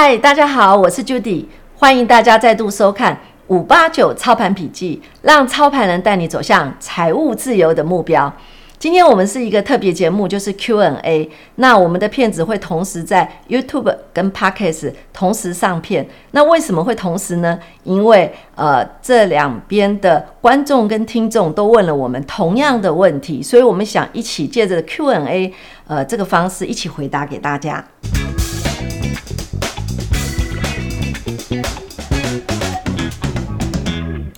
嗨，Hi, 大家好，我是 Judy，歡迎大家再度收看《五八九操盤筆記》，讓操盤人帶你走向財務自由的目標。今天我們是一個特別節目，就是 Q&A，那我們的片子會同時在 YouTube 跟 Podcast 同時上片。那為什麼會同時呢？因為呃，這兩邊的觀眾跟聽眾都問了我們同樣的問題，所以我們想一起借着 Q&A 呃這個方式一起回答給大家。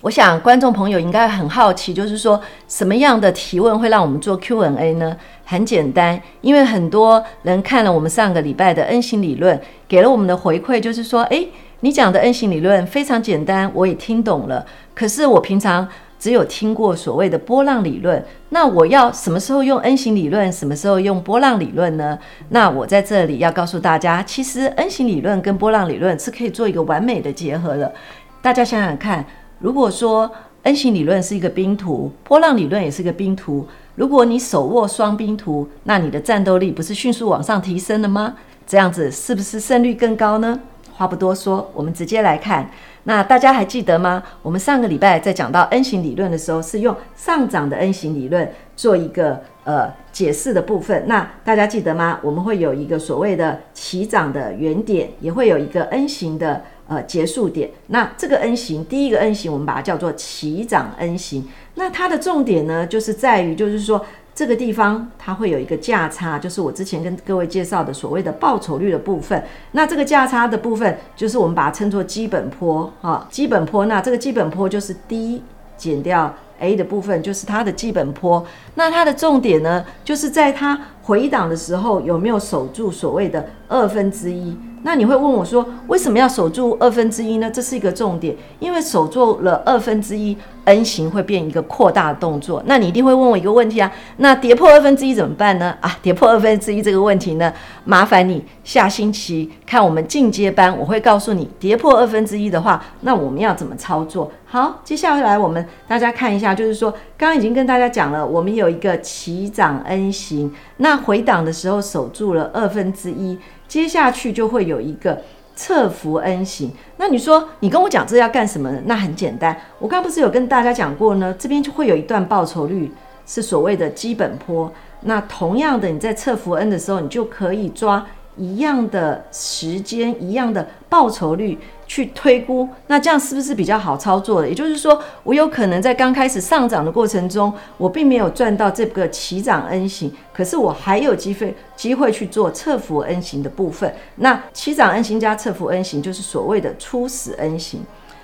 我想觀眾朋友應該很好奇，就是說什麼樣的提問會讓我們做 Q&A 呢？很簡單，因為很多人看了我們上個禮拜的 N 型理論，給了我們的回饋就是說：誒，你講的 N 型理論非常簡單，我也聽懂了。可是我平常，只有聽過所謂的波浪理論，那我要什麼時候用 N 型理論，什麼時候用波浪理論呢？那我在這裡要告訴大家，其實 N 型理論跟波浪理論是可以做一個完美的結合的。大家想想看，如果說 N 型理論是一個兵圖，波浪理論也是一個兵圖，如果你手握雙兵圖，那你的戰鬥力不是迅速往上提升了嗎？這樣子是不是勝率更高呢？話不多說，我們直接來看。那大家還記得嗎？我們上個禮拜在講到 N 型理論的時候，是用上漲的 N 型理論做一個呃解釋的部分。那大家記得嗎？我們會有一個所謂的起漲的原點，也會有一個 N 型的呃結束點。那這個 N 型，第一個 N 型我們把它叫做起漲 N 型。那它的重點呢，就是在於，就是說。這個地方它會有一個價差，就是我之前跟各位介紹的所謂的報酬率的部分。那這個價差的部分，就是我們把它稱作基本波啊，基本波。那這個基本波就是 D 減掉 A 的部分，就是它的基本波。那它的重點呢，就是在它。回檔的時候有沒有守住所謂的二分之一？那你會問我說，為什麼要守住二分之一呢？這是一個重點，因為守住了二分之一，N 型會變一個擴大的動作。那你一定會問我一個問題啊，那跌破二分之一怎麼辦呢？啊，跌破二分之一這個問題呢，麻煩你下星期看我們進階班，我會告訴你跌破二分之一的話，那我們要怎麼操作？好，接下來我們大家看一下，就是說剛剛已經跟大家講了，我們有一個起漲 N 型。那回檔的時候守住了二分之一，2, 接下去就會有一個測幅 N 型。那你說你跟我講這要幹什麼？那很簡單，我剛剛不是有跟大家講過呢，這邊就會有一段報酬率是所謂的基本波。那同樣的，你在測幅 N 的時候，你就可以抓。一樣的時間，一樣的報酬率去推估，那這樣是不是比較好操作的？也就是說，我有可能在剛開始上漲的過程中，我並沒有賺到這個起漲 N 型，可是我還有機會機會去做側幅 N 型的部分。那起漲 N 型加側幅 N 型，就是所謂的初始 N 型。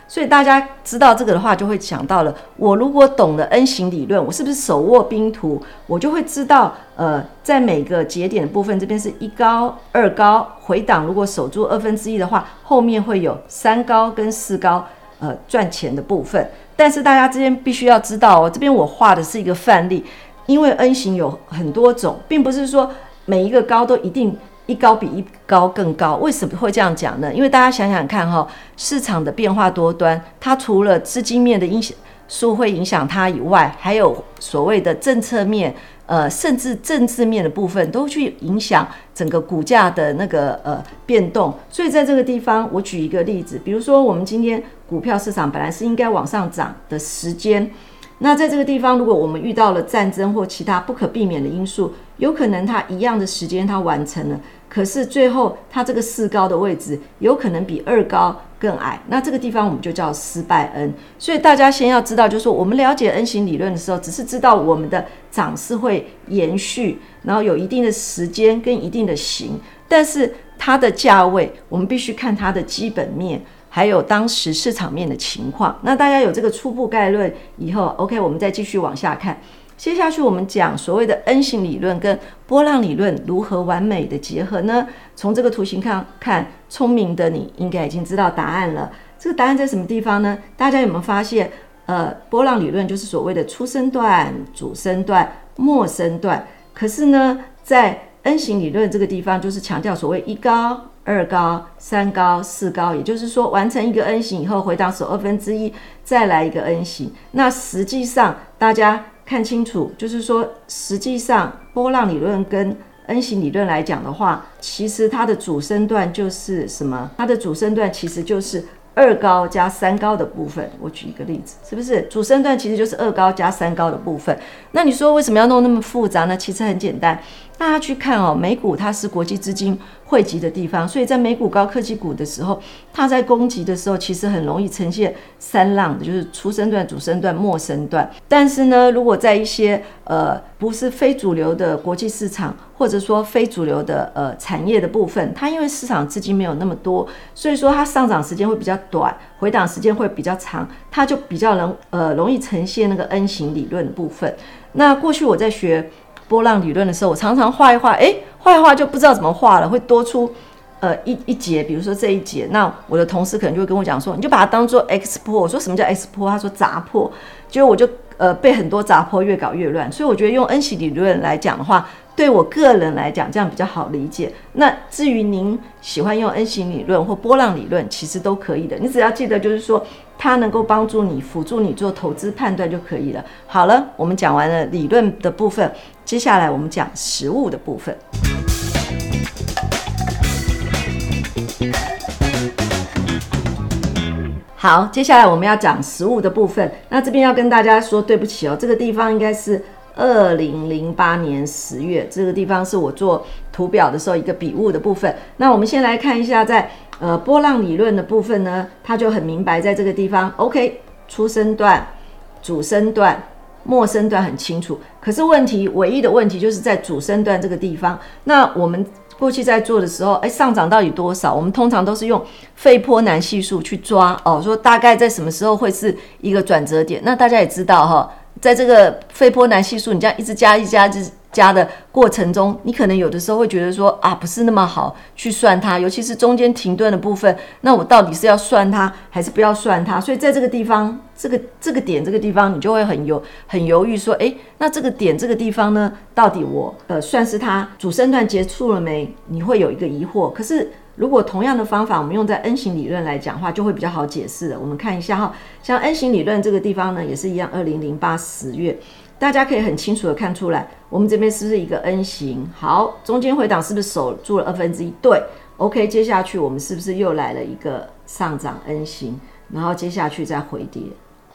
所以大家知道這個的話，就會想到了。我如果懂了 N 型理論，我是不是手握兵圖，我就會知道，呃，在每個節點的部分，這邊是一高、二高回檔，如果守住二分之一的話，後面會有三高跟四高，呃，賺錢的部分。但是大家之間必須要知道哦，這邊我畫的是一個範例，因為 N 型有很多種，並不是說每一個高都一定。一高比一高更高，為什麼會這樣講呢？因為大家想想看哈、哦，市場的變化多端，它除了資金面的因素會影響它以外，還有所謂的政策面，呃，甚至政治面的部分都去影響整個股價的那個呃變動。所以在這個地方，我舉一個例子，比如說我們今天股票市場本來是應該往上漲的時間，那在這個地方，如果我們遇到了戰爭或其他不可避免的因素，有可能它一樣的時間它完成了。可是最後，它這個四高的位置有可能比二高更矮，那這個地方我們就叫失敗 N。所以大家先要知道，就是說我們了解 N 型理論的時候，只是知道我們的漲勢會延續，然後有一定的時間跟一定的型，但是它的價位我們必須看它的基本面，還有當時市場面的情況。那大家有這個初步概論以後，OK，我們再繼續往下看。接下去我們講所謂的 N 型理論跟波浪理論如何完美的結合呢？從這個圖形看看，聰明的你應該已經知道答案了。這個答案在什麼地方呢？大家有沒有發現？呃，波浪理論就是所謂的初升段、主升段、末升段。可是呢，在 N 型理論這個地方，就是強調所謂一高、二高、三高、四高，也就是說完成一個 N 型以後，回到十二分之一，再來一個 N 型。那實際上大家。看清楚，就是說，實際上波浪理論跟 N 型理論來講的話，其實它的主升段就是什麼？它的主升段其實就是二高加三高的部分。我舉一個例子，是不是？主升段其實就是二高加三高的部分。那你說為什麼要弄那麼複雜呢？其實很簡單。大家去看哦，美股它是國際資金匯集的地方，所以在美股高科技股的時候，它在攻擊的時候，其實很容易呈現三浪，就是初升段、主升段、末升段。但是呢，如果在一些呃不是非主流的國際市場，或者說非主流的呃產業的部分，它因為市場資金沒有那麼多，所以說它上漲時間會比較短，回檔時間會比較長，它就比較能呃容易呈現那個 N 型理論的部分。那過去我在學。波浪理論的時候，我常常畫一畫，誒、欸，畫一畫就不知道怎麼畫了，會多出呃一一節，比如說這一節，那我的同事可能就會跟我講說，你就把它當做 x 波。我說什麼叫 x 波？他說砸破，結果我就。呃，被很多砸破，越搞越亂，所以我覺得用 N 型理論來講的話，對我個人來講，這樣比較好理解。那至於您喜歡用 N 型理論或波浪理論，其實都可以的，你只要記得就是說，它能夠幫助你、輔助你做投資判斷就可以了。好了，我們講完了理論的部分，接下來我們講實務的部分。好，接下來我們要講實物的部分。那這邊要跟大家說，對不起哦，這個地方應該是二零零八年十月，這個地方是我做圖表的時候一個筆誤的部分。那我們先來看一下在，在呃波浪理論的部分呢，它就很明白，在這個地方，OK，初升段、主升段、末升段很清楚。可是問題，唯一的問題就是在主升段這個地方，那我們。過去在做的時候，哎、欸，上漲到底多少？我們通常都是用費波那係數去抓哦，說大概在什麼時候會是一個轉折點？那大家也知道哈，在這個費波那係數，你這樣一直加一加，就是加的過程中，你可能有的時候會覺得說啊，不是那麼好去算它，尤其是中間停頓的部分。那我到底是要算它還是不要算它？所以在這個地方，這個這個點這個地方，你就會很猶很猶豫說，哎、欸，那這個點這個地方呢，到底我呃算是它主升段結束了沒？你會有一個疑惑。可是如果同樣的方法，我們用在 N 型理論來講的話，就會比較好解釋了。我們看一下哈，像 N 型理論這個地方呢，也是一樣，二零零八十月。大家可以很清楚的看出來，我們這邊是不是一個 N 型？好，中間回檔是不是守住了二分之一？2? 對，OK。接下去我們是不是又來了一個上漲 N 型？然後接下去再回跌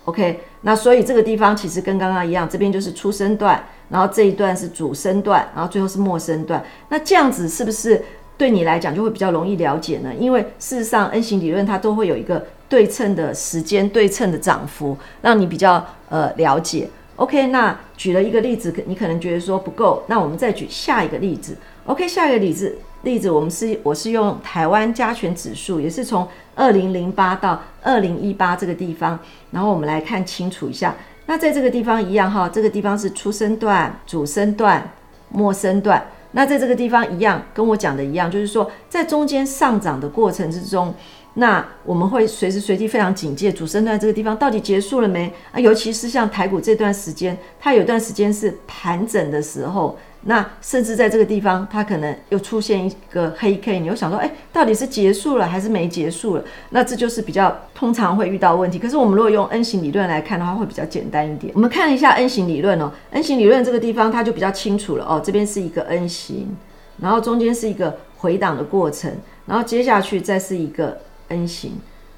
，OK。那所以這個地方其實跟剛剛一樣，這邊就是初升段，然後這一段是主升段，然後最後是末升段。那這樣子是不是對你來講就會比較容易了解呢？因為事實上 N 型理論它都會有一個對稱的時間、對稱的漲幅，讓你比較呃了解。OK，那舉了一個例子，你可能覺得說不夠，那我們再舉下一個例子。OK，下一個例子，例子我們是我是用台灣加權指數，也是從二零零八到二零一八這個地方，然後我們來看清楚一下。那在這個地方一樣哈，這個地方是初升段、主升段、末升段。那在這個地方一樣，跟我講的一樣，就是說在中間上漲的過程之中，那我們會隨時隨地非常警戒，主升段這個地方到底結束了沒？啊，尤其是像台股這段時間，它有段時間是盤整的時候，那甚至在這個地方，它可能又出現一個黑 K，你又想說，哎，到底是結束了還是沒結束了？那這就是比較通常會遇到問題。可是我們如果用 N 型理論來看的話，會比較簡單一點。我們看一下 N 型理論哦，N 型理論這個地方它就比較清楚了哦，這邊是一個 N 型，然後中間是一個回檔的過程，然後接下去再是一個。N 型，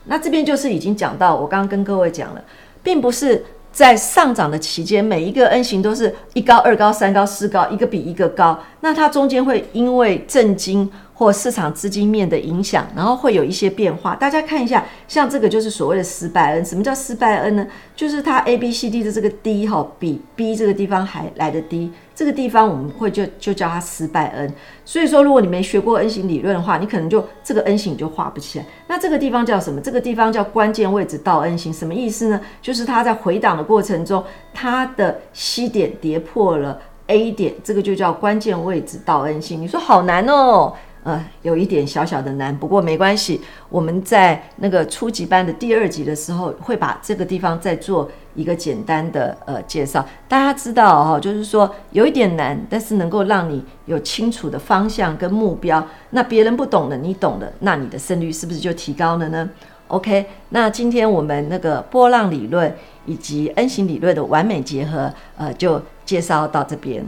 那這邊就是已經講到，我剛剛跟各位講了，並不是在上漲的期間，每一個 N 型都是一高、二高、三高、四高，一個比一個高。那它中間會因為震驚。或市場資金面的影響，然後會有一些變化。大家看一下，像這個就是所謂的失敗 N。什麼叫失敗 N 呢？就是它 A、B、C、D 的這個 D 哦，比 B 這個地方還來得低。這個地方我們會就就叫它失敗 N。所以說，如果你沒學過 N 型理論的話，你可能就這個 N 型你就畫不起來。那這個地方叫什麼？這個地方叫關鍵位置倒 N 型。什麼意思呢？就是它在回檔的過程中，它的 C 點跌破了 A 點，這個就叫關鍵位置倒 N 型。你說好難哦。呃，有一點小小的難，不過沒關係。我們在那個初級班的第二集的時候，會把這個地方再做一個簡單的呃介紹。大家知道哈、哦，就是說有一點難，但是能夠讓你有清楚的方向跟目標。那別人不懂的，你懂的，那你的勝率是不是就提高了呢？OK，那今天我們那個波浪理論以及 N 型理論的完美結合，呃，就介紹到這邊。